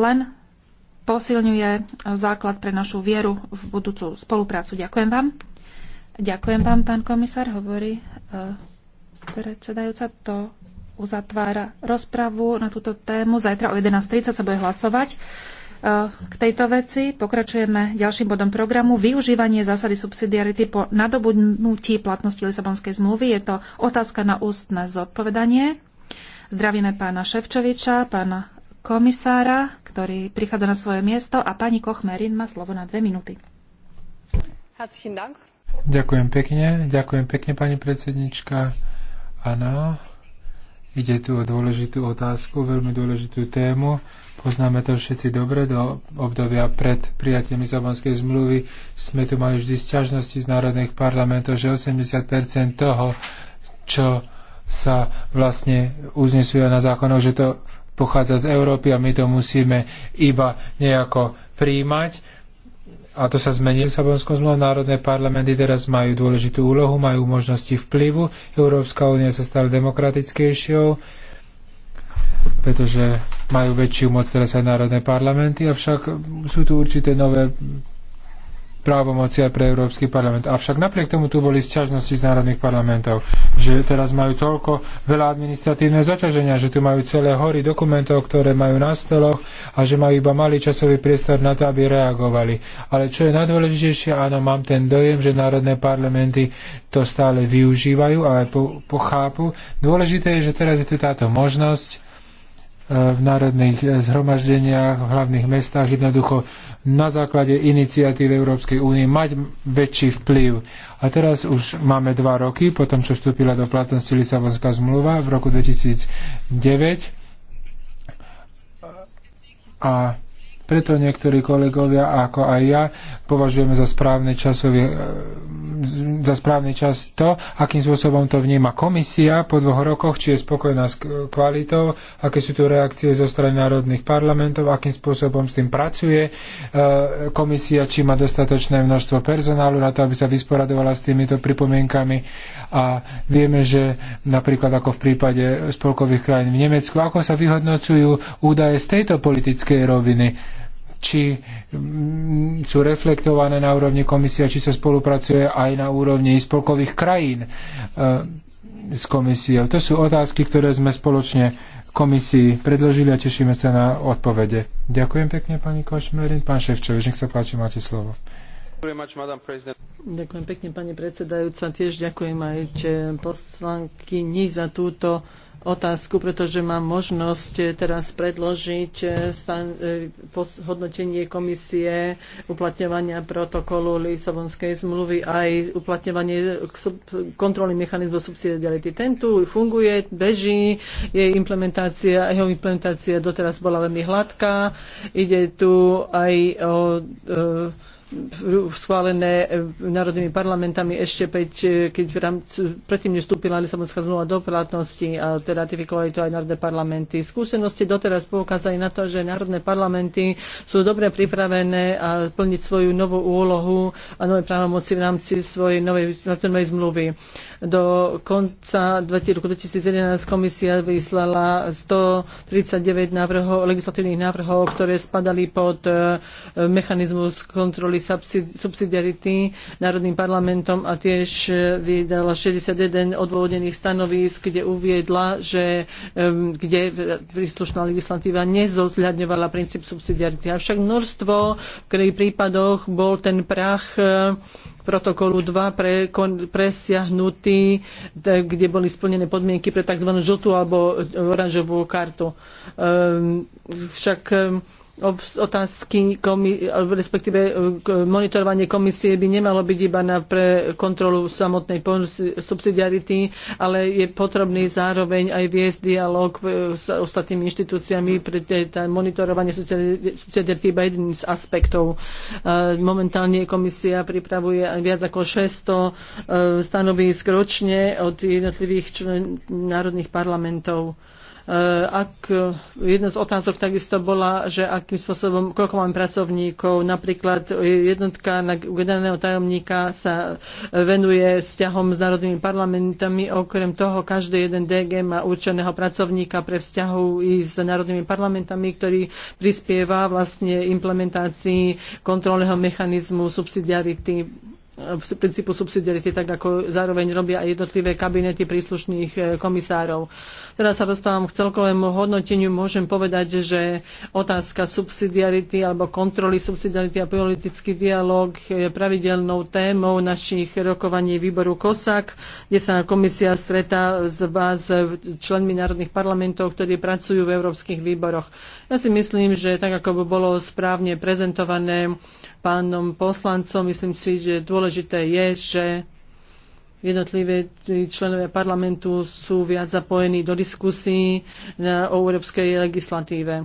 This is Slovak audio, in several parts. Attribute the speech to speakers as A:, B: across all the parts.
A: len posilňuje základ pre našu vieru v budúcu spoluprácu. Ďakujem vám. Ďakujem vám, pán komisár, hovorí e, predsedajúca. To uzatvára rozpravu na túto tému. Zajtra o 11.30 sa bude hlasovať e, k tejto veci. Pokračujeme ďalším bodom programu. Využívanie zásady subsidiarity po nadobudnutí platnosti Lisabonskej zmluvy. Je to otázka na ústne zodpovedanie. Zdravíme pána Ševčoviča, pána komisára, ktorý prichádza na svoje miesto a pani Kochmerin má slovo na dve minúty.
B: Ďakujem pekne, ďakujem pekne pani predsednička. Áno, ide tu o dôležitú otázku, veľmi dôležitú tému. Poznáme to všetci dobre, do obdobia pred prijatím Lisabonskej zmluvy sme tu mali vždy sťažnosti z národných parlamentov, že 80% toho, čo sa vlastne uznesuje na zákonoch, že to pochádza z Európy a my to musíme iba nejako príjmať a to sa zmení v Lisabonskom zmluvu, národné parlamenty teraz majú dôležitú úlohu, majú možnosti vplyvu, Európska únia sa stala demokratickejšou, pretože majú väčšiu moc teraz aj národné parlamenty, avšak sú tu určité nové právomoci aj pre Európsky parlament. Avšak napriek tomu tu boli sťažnosti z národných parlamentov, že teraz majú toľko veľa administratívne zaťaženia, že tu majú celé hory dokumentov, ktoré majú na steloch a že majú iba malý časový priestor na to, aby reagovali. Ale čo je najdôležitejšie, áno, mám ten dojem, že národné parlamenty to stále využívajú a aj pochápu. Dôležité je, že teraz je tu táto možnosť v národných zhromaždeniach, v hlavných mestách, jednoducho na základe iniciatív Európskej únie mať väčší vplyv. A teraz už máme dva roky, potom čo vstúpila do platnosti Lisabonská zmluva v roku 2009. A preto niektorí kolegovia, ako aj ja, považujeme za správny, časový, e, za správny čas to, akým spôsobom to vníma komisia po dvoch rokoch, či je spokojná s kvalitou, aké sú tu reakcie zo strany národných parlamentov, akým spôsobom s tým pracuje e, komisia, či má dostatočné množstvo personálu na to, aby sa vysporadovala s týmito pripomienkami. A vieme, že napríklad ako v prípade spolkových krajín v Nemecku, ako sa vyhodnocujú údaje z tejto politickej roviny či mm, sú reflektované na úrovni komisie, či sa spolupracuje aj na úrovni spolkových krajín eh, s komisiou. To sú otázky, ktoré sme spoločne komisii predložili a tešíme sa na odpovede. Ďakujem pekne, pani Košmerin. Pán Ševčovič, nech sa páči, máte slovo.
C: Ďakujem pekne, pani predsedajúca. Tiež ďakujem aj eh, poslankyni za túto otázku, pretože mám možnosť eh, teraz predložiť eh, eh, hodnotenie komisie uplatňovania protokolu Lisabonskej zmluvy aj uplatňovanie kontrolný mechanizmu subsidiarity. Ten tu funguje, beží, jej implementácia, jeho implementácia doteraz bola veľmi hladká. Ide tu aj o, o schválené eh, národnými parlamentami ešte pred, eh, keď vstúpila rámci, predtým nestúpila Lisabonská zmluva do platnosti a teda ratifikovali to aj národné parlamenty. Skúsenosti doteraz poukázali na to, že národné parlamenty sú dobre pripravené a plniť svoju novú úlohu a nové právomoci v rámci svojej novej, novej zmluvy. Do konca roku 2011 komisia vyslala 139 návrhov, legislatívnych návrhov, ktoré spadali pod eh, mechanizmus kontroly subsidiarity Národným parlamentom a tiež eh, vydala 61 odôvodnených stanovísk, kde uviedla, že kde príslušná legislatíva nezohľadňovala princíp subsidiarity. Avšak množstvo v ktorých prípadoch bol ten prach eh, protokolu 2 pre, kon, presiahnutý, kde boli splnené podmienky pre tzv. žltú alebo oranžovú kartu. však otázky, komi, respektíve e, monitorovanie komisie by nemalo byť iba na pre kontrolu samotnej subsidiarity, ale je potrebný zároveň aj viesť dialog e, s ostatnými inštitúciami, pretože monitorovanie subsidiarity je iba jeden z aspektov. E, momentálne komisia pripravuje viac ako 600 stanovisk ročne od jednotlivých člen, národných parlamentov. Eh, ak, eh, jedna z otázok takisto bola, že akým spôsobom, koľko máme pracovníkov, napríklad eh, jednotka na generálneho tajomníka sa venuje vzťahom s národnými parlamentami, okrem toho každý jeden DG má určeného pracovníka pre vzťahu i s národnými parlamentami, ktorý prispieva vlastne implementácii kontrolného mechanizmu subsidiarity v princípu subsidiarity, tak ako zároveň robia aj jednotlivé kabinety príslušných e, komisárov. Teraz sa dostávam k celkovému hodnoteniu. Môžem povedať, že otázka subsidiarity alebo kontroly subsidiarity a politický dialog je pravidelnou témou našich rokovaní výboru COSAC, kde sa komisia stretá s vás e, členmi národných parlamentov, ktorí pracujú v európskych výboroch. Ja si myslím, že tak ako by bolo správne prezentované pánom poslancom. Myslím si, že dôležité je, že jednotlivé členovia parlamentu sú viac zapojení do diskusí o európskej legislatíve.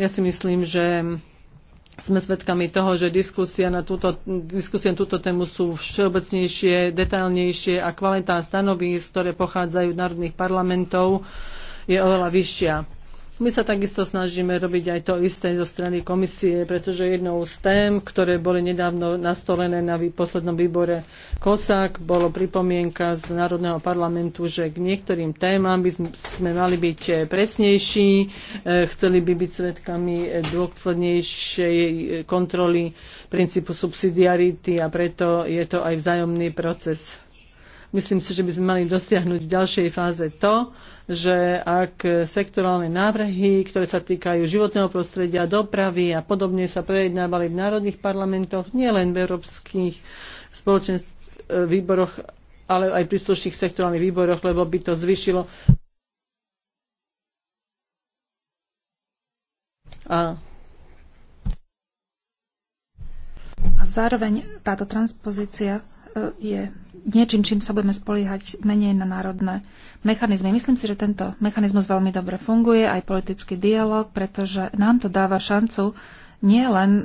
C: Ja si myslím, že sme svedkami toho, že diskusia na túto, diskusia na túto tému sú všeobecnejšie, detailnejšie a kvalita stanovísk, ktoré pochádzajú od národných parlamentov, je oveľa vyššia. My sa takisto snažíme robiť aj to isté zo strany komisie, pretože jednou z tém, ktoré boli nedávno nastolené na poslednom výbore KOSAK, bolo pripomienka z Národného parlamentu, že k niektorým témam by sme mali byť eh, presnejší, eh, chceli by byť svetkami eh, dôslednejšej kontroly princípu subsidiarity a preto je to aj vzájomný proces. Myslím si, že by sme mali dosiahnuť v ďalšej fáze to, že ak sektorálne návrhy, ktoré sa týkajú životného prostredia, dopravy a podobne sa prejednávali v národných parlamentoch, nielen v európskych spoločenských e, výboroch, ale aj príslušných sektorálnych výboroch, lebo by to zvyšilo
A: a a zároveň táto transpozícia je niečím, čím sa budeme spoliehať menej na národné mechanizmy. Myslím si, že tento mechanizmus veľmi dobre funguje, aj politický dialog, pretože nám to dáva šancu nie len e,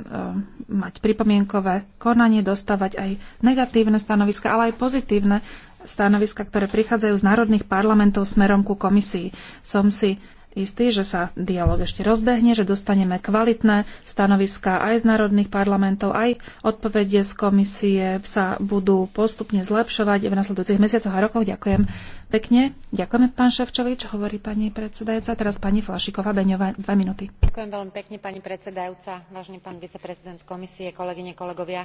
A: mať pripomienkové konanie, dostávať aj negatívne stanoviska, ale aj pozitívne stanoviska, ktoré prichádzajú z národných parlamentov smerom ku komisii. Som si istý, že sa dialog ešte rozbehne, že dostaneme kvalitné stanoviská aj z národných parlamentov, aj odpovede z komisie sa budú postupne zlepšovať v nasledujúcich mesiacoch a rokoch. Ďakujem pekne. Ďakujeme, pán Ševčovič, hovorí pani predsedajúca. Teraz pani Flašiková Beňová, dva minúty.
D: Ďakujem veľmi pekne, pani predsedajúca, vážený pán viceprezident komisie, kolegyne, kolegovia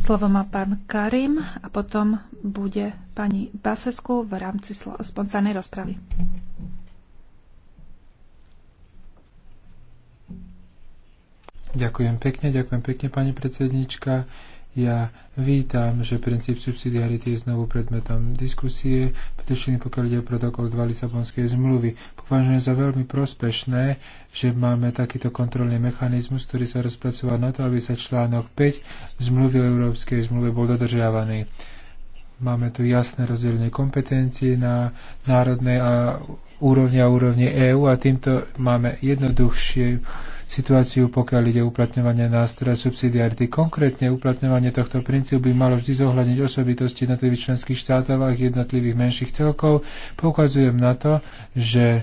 A: Slovo má pán Karim a potom bude pani Basesku v rámci spontánnej rozpravy.
B: Ďakujem pekne, ďakujem pekne, pani predsednička. Ja vítam, že princíp subsidiarity je znovu predmetom diskusie, pretože pokiaľ ide o protokol 2 Lisabonskej zmluvy. Považujem za veľmi prospešné, že máme takýto kontrolný mechanizmus, ktorý sa rozpracoval na to, aby sa článok 5 zmluvy o Európskej zmluve bol dodržiavaný. Máme tu jasné rozdelenie kompetencií na národnej a úrovni a úrovni EÚ a týmto máme jednoduchšie situáciu, pokiaľ ide uplatňovanie nástroja subsidiarity. Konkrétne uplatňovanie tohto princípu by malo vždy zohľadniť osobitosti jednotlivých členských štátov a jednotlivých menších celkov. Poukazujem na to, že e,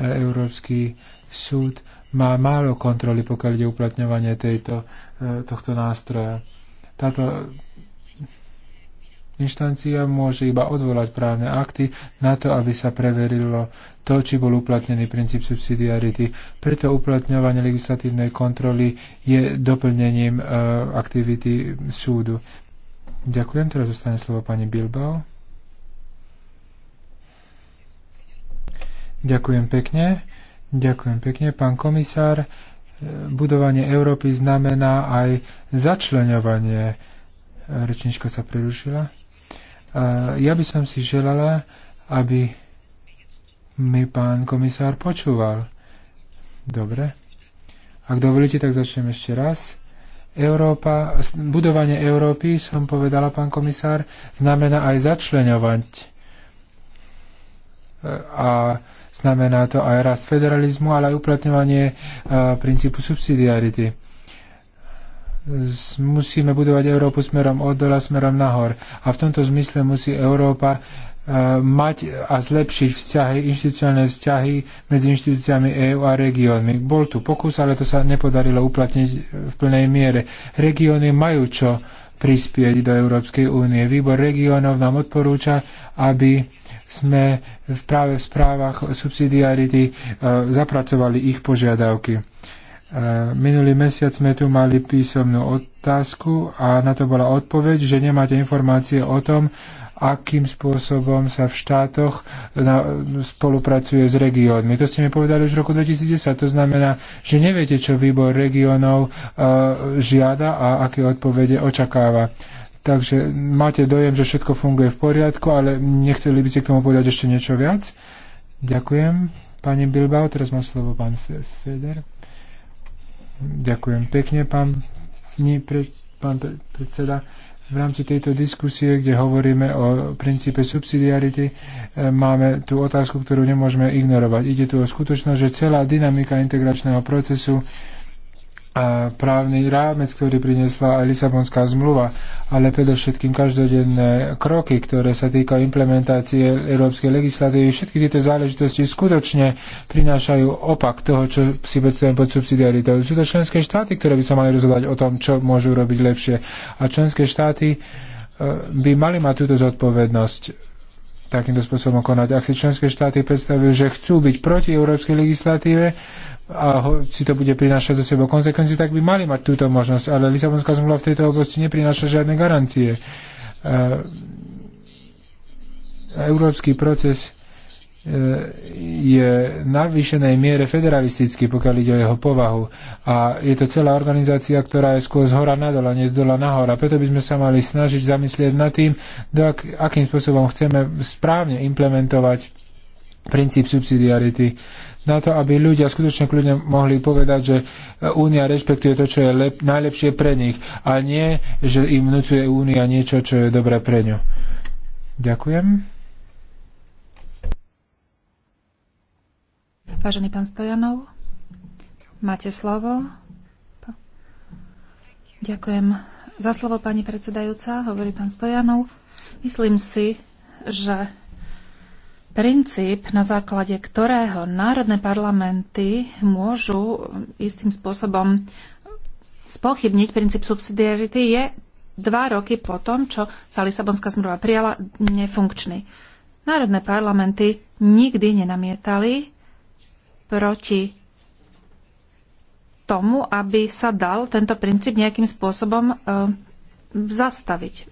B: Európsky súd má málo kontroly, pokiaľ ide uplatňovanie tejto, e, tohto nástroja. Táto Inštancia môže iba odvolať právne akty na to, aby sa preverilo to, či bol uplatnený princíp subsidiarity. Preto uplatňovanie legislatívnej kontroly je doplnením e, aktivity súdu. Ďakujem. Teraz zostane slovo pani Bilbao. Ďakujem pekne. Ďakujem pekne, pán komisár. E, budovanie Európy znamená aj začleňovanie. E, rečnička sa prerušila. Eh, ja by som si želala, aby mi pán komisár počúval. Dobre. Ak dovolíte, tak začnem ešte raz. Európa, budovanie Európy, som povedala, pán komisár, znamená aj začleňovať. Eh, a znamená to aj rast federalizmu, ale aj uplatňovanie eh, princípu subsidiarity musíme budovať Európu smerom od dola, smerom nahor. A v tomto zmysle musí Európa e, mať a zlepšiť vzťahy, inštitucionálne vzťahy medzi inštitúciami EÚ a regiónmi. Bol tu pokus, ale to sa nepodarilo uplatniť v plnej miere. Regióny majú čo prispieť do Európskej únie. Výbor regiónov nám odporúča, aby sme práve v správach subsidiarity e, zapracovali ich požiadavky. Eh, minulý mesiac sme tu mali písomnú otázku a na to bola odpoveď, že nemáte informácie o tom, akým spôsobom sa v štátoch eh, na, spolupracuje s regiónmi. To ste mi povedali už v roku 2010. To znamená, že neviete, čo výbor regiónov uh, žiada a aké odpovede očakáva. Takže máte dojem, že všetko funguje v poriadku, ale nechceli by ste k tomu povedať ešte niečo viac? Ďakujem. Pani Bilbao, teraz má slovo pán Feder. Ďakujem pekne, pán, nie, pre, pán predseda. V rámci tejto diskusie, kde hovoríme o princípe subsidiarity, e, máme tú otázku, ktorú nemôžeme ignorovať. Ide tu o skutočnosť, že celá dynamika integračného procesu právny rámec, ktorý priniesla aj Lisabonská zmluva, ale predovšetkým každodenné kroky, ktoré sa týkajú implementácie európskej legislatívy. Všetky tieto záležitosti skutočne prinášajú opak toho, čo si predstavujem pod subsidiaritou. Sú to členské štáty, ktoré by sa mali rozhodovať o tom, čo môžu robiť lepšie. A členské štáty eh, by mali mať túto zodpovednosť takýmto spôsobom konať. Ak si členské štáty predstavujú, že chcú byť proti európskej legislatíve a si to bude prinášať za sebou konsekvencie, tak by mali mať túto možnosť. Ale Lisabonská zmluva v tejto oblasti neprináša žiadne garancie. E, európsky proces E, je na vyšenej miere federalistický, pokiaľ ide o jeho povahu. A je to celá organizácia, ktorá je skôr z hora nadol a nie z dola nahor. A preto by sme sa mali snažiť zamyslieť nad tým, do ak, akým spôsobom chceme správne implementovať princíp subsidiarity na to, aby ľudia skutočne kľudne mohli povedať, že Únia rešpektuje to, čo je lep, najlepšie pre nich a nie, že im vnúcuje Únia niečo, čo je dobré pre ňu. Ďakujem.
A: Vážený pán Stojanov, máte slovo. Ďakujem za slovo, pani predsedajúca, hovorí pán Stojanov. Myslím si, že princíp, na základe ktorého národné parlamenty môžu istým spôsobom spochybniť princíp subsidiarity, je dva roky po tom, čo sa Lisabonská zmluva prijala, nefunkčný. Národné parlamenty nikdy nenamietali proti tomu, aby sa dal tento princíp nejakým spôsobom e, zastaviť.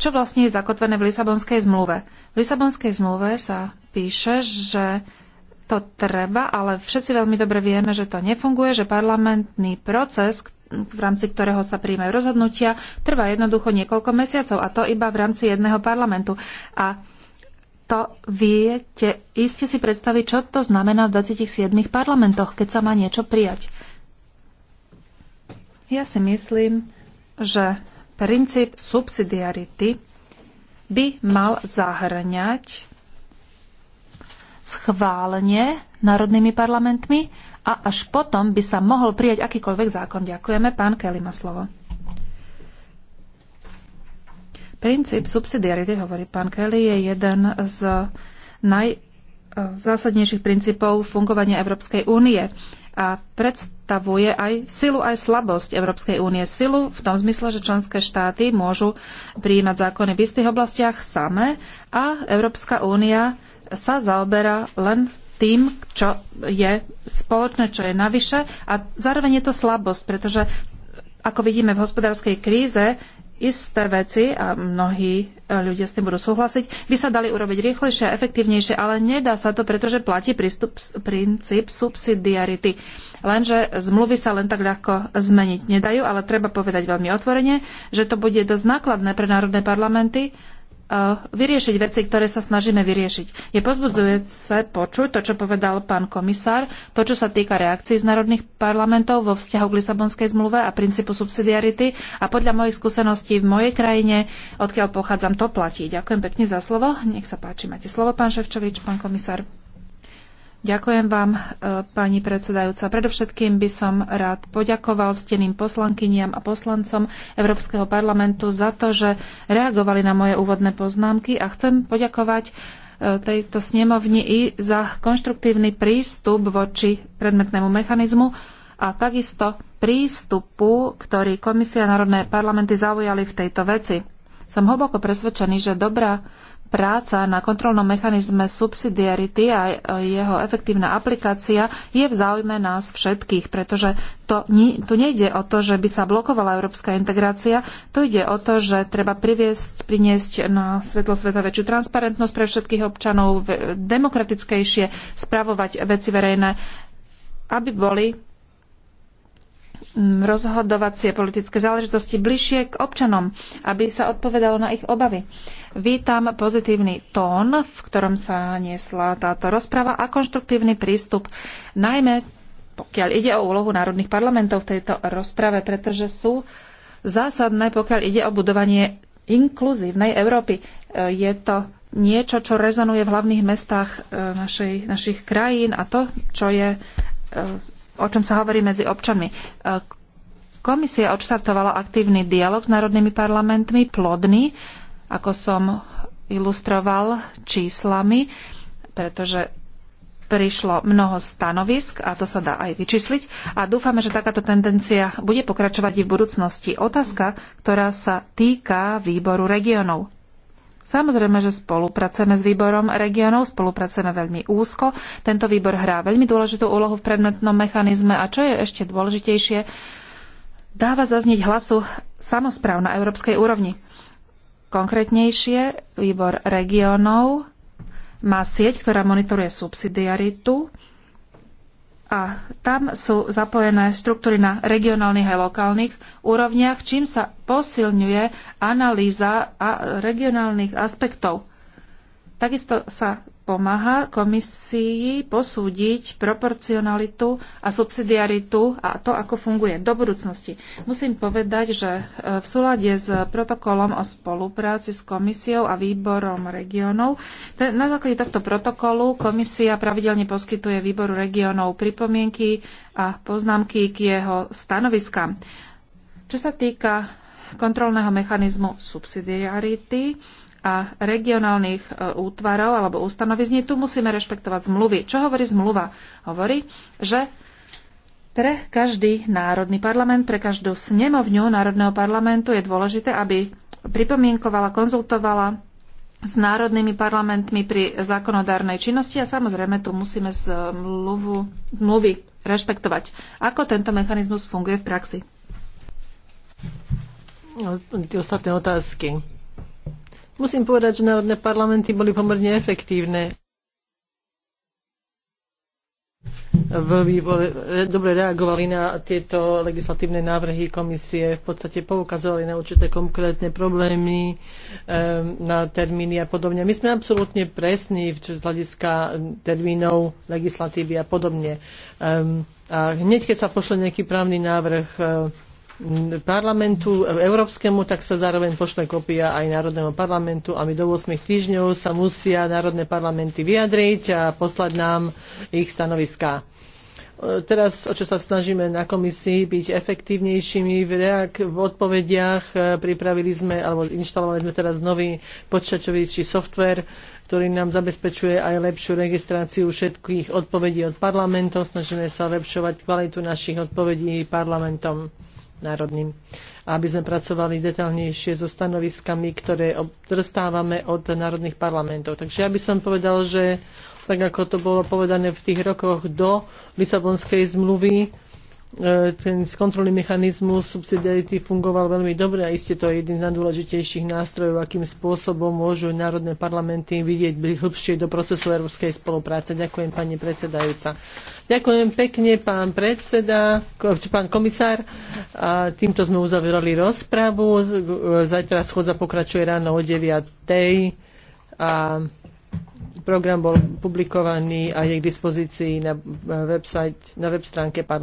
A: Čo vlastne je zakotvené v Lisabonskej zmluve? V Lisabonskej zmluve sa píše, že to treba, ale všetci veľmi dobre vieme, že to nefunguje, že parlamentný proces, v rámci ktorého sa príjmajú rozhodnutia, trvá jednoducho niekoľko mesiacov a to iba v rámci jedného parlamentu. A to viete, iste si predstaviť, čo to znamená v 27 parlamentoch, keď sa má niečo prijať. Ja si myslím, že princíp subsidiarity by mal zahrňať schválenie národnými parlamentmi a až potom by sa mohol prijať akýkoľvek zákon. Ďakujeme. Pán Kelly má slovo. Princíp subsidiarity, hovorí pán Kelly, je jeden z najzásadnejších e, princípov fungovania Európskej únie a predstavuje aj silu, aj slabosť Európskej únie. Silu v tom zmysle, že členské štáty môžu prijímať zákony v istých oblastiach samé a Európska únia sa zaoberá len tým, čo je spoločné, čo je navyše a zároveň je to slabosť, pretože ako vidíme v hospodárskej kríze, isté veci, a mnohí e, ľudia s tým budú súhlasiť, by sa dali urobiť rýchlejšie a efektívnejšie, ale nedá sa to, pretože platí prístup, princíp subsidiarity. Lenže zmluvy sa len tak ľahko zmeniť nedajú, ale treba povedať veľmi otvorene, že to bude dosť nákladné pre národné parlamenty vyriešiť veci, ktoré sa snažíme vyriešiť. Je pozbudzujúce počuť to, čo povedal pán komisár, to, čo sa týka reakcií z národných parlamentov vo vzťahu k Lisabonskej zmluve a princípu subsidiarity a podľa mojich skúseností v mojej krajine, odkiaľ pochádzam, to platí. Ďakujem pekne za slovo. Nech sa páči, máte slovo, pán Ševčovič, pán komisár. Ďakujem vám, e, pani predsedajúca. Predovšetkým by som rád poďakoval steným poslankyniam a poslancom Európskeho parlamentu za to, že reagovali na moje úvodné poznámky a chcem poďakovať e, tejto snemovni i za konštruktívny prístup voči predmetnému mechanizmu a takisto prístupu, ktorý Komisia národné parlamenty zaujali v tejto veci. Som hlboko presvedčený, že dobrá práca na kontrolnom mechanizme subsidiarity a jeho efektívna aplikácia je v záujme nás všetkých, pretože to, tu nejde o to, že by sa blokovala európska integrácia, tu ide o to, že treba priviesť, priniesť na svetlo sveta väčšiu transparentnosť pre všetkých občanov, demokratickejšie spravovať veci verejné, aby boli rozhodovacie politické záležitosti bližšie k občanom, aby sa odpovedalo na ich obavy. Vítam pozitívny tón, v ktorom sa niesla táto rozprava a konštruktívny prístup, najmä pokiaľ ide o úlohu národných parlamentov v tejto rozprave, pretože sú zásadné, pokiaľ ide o budovanie inkluzívnej Európy. E, je to niečo, čo rezonuje v hlavných mestách e, našej, našich krajín a to, čo je e, o čom sa hovorí medzi občanmi. E, Komisia odštartovala aktívny dialog s národnými parlamentmi, plodný, ako som ilustroval číslami, pretože prišlo mnoho stanovisk a to sa dá aj vyčísliť a dúfame, že takáto tendencia bude pokračovať i v budúcnosti. Otázka, ktorá sa týka výboru regionov. Samozrejme, že spolupracujeme s výborom regionov, spolupracujeme veľmi úzko. Tento výbor hrá veľmi dôležitú úlohu v predmetnom mechanizme a čo je ešte dôležitejšie, dáva zaznieť hlasu samozpráv na európskej úrovni. Konkrétnejšie, výbor regionov má sieť, ktorá monitoruje subsidiaritu a tam sú zapojené štruktúry na regionálnych aj lokálnych úrovniach, čím sa posilňuje analýza regionálnych aspektov. Takisto sa pomáha komisii posúdiť proporcionalitu a subsidiaritu a to, ako funguje do budúcnosti. Musím povedať, že e, v súlade s protokolom o spolupráci s komisiou a výborom regionov, na základe tohto protokolu komisia pravidelne poskytuje výboru regionov pripomienky a poznámky k jeho stanoviskám. Čo sa týka kontrolného mechanizmu subsidiarity, a regionálnych e, útvarov alebo ustanovizní, tu musíme rešpektovať zmluvy. Čo hovorí zmluva? Hovorí, že pre každý národný parlament, pre každú snemovňu Národného parlamentu je dôležité, aby pripomienkovala, konzultovala s národnými parlamentmi pri zákonodárnej činnosti a samozrejme tu musíme zmluvu, mluvy rešpektovať. Ako tento mechanizmus funguje v praxi?
C: Ostatné otázky
A: Musím povedať, že národné parlamenty
C: boli pomerne efektívne veľmi e, dobre reagovali na tieto legislatívne návrhy komisie, v podstate poukazovali na určité konkrétne problémy, e, na termíny a podobne. My sme absolútne presní v hľadiska termínov legislatívy a podobne. Ehm, a hneď, keď sa pošle nejaký právny návrh, e, parlamentu európskemu, tak sa zároveň pošle kopia aj Národného parlamentu a my do 8 týždňov sa musia národné parlamenty vyjadriť a poslať nám ich stanoviská. Teraz, o čo sa snažíme na komisii byť efektívnejšími v, reak- v odpovediach, e, pripravili sme, alebo inštalovali sme teraz nový počítačový software, ktorý nám zabezpečuje aj lepšiu registráciu všetkých odpovedí od parlamentov. Snažíme sa lepšovať kvalitu našich odpovedí parlamentom národným. Aby sme pracovali detaľnejšie so stanoviskami, ktoré dostávame od národných parlamentov. Takže ja by som povedal, že tak ako to bolo povedané v tých rokoch do Lisabonskej zmluvy, E, ten kontrolný mechanizmus subsidiarity fungoval veľmi dobre a iste to je jeden z najdôležitejších nástrojov, akým spôsobom môžu národné parlamenty vidieť hĺbšie do procesu európskej spolupráce. Ďakujem, pani predsedajúca. Ďakujem pekne, pán predseda, pán komisár. A týmto sme uzavierali rozpravu. Zajtra schodza pokračuje ráno o 9. A program bol publikovaný a je k dispozícii na, website, na web stránke parlamentu.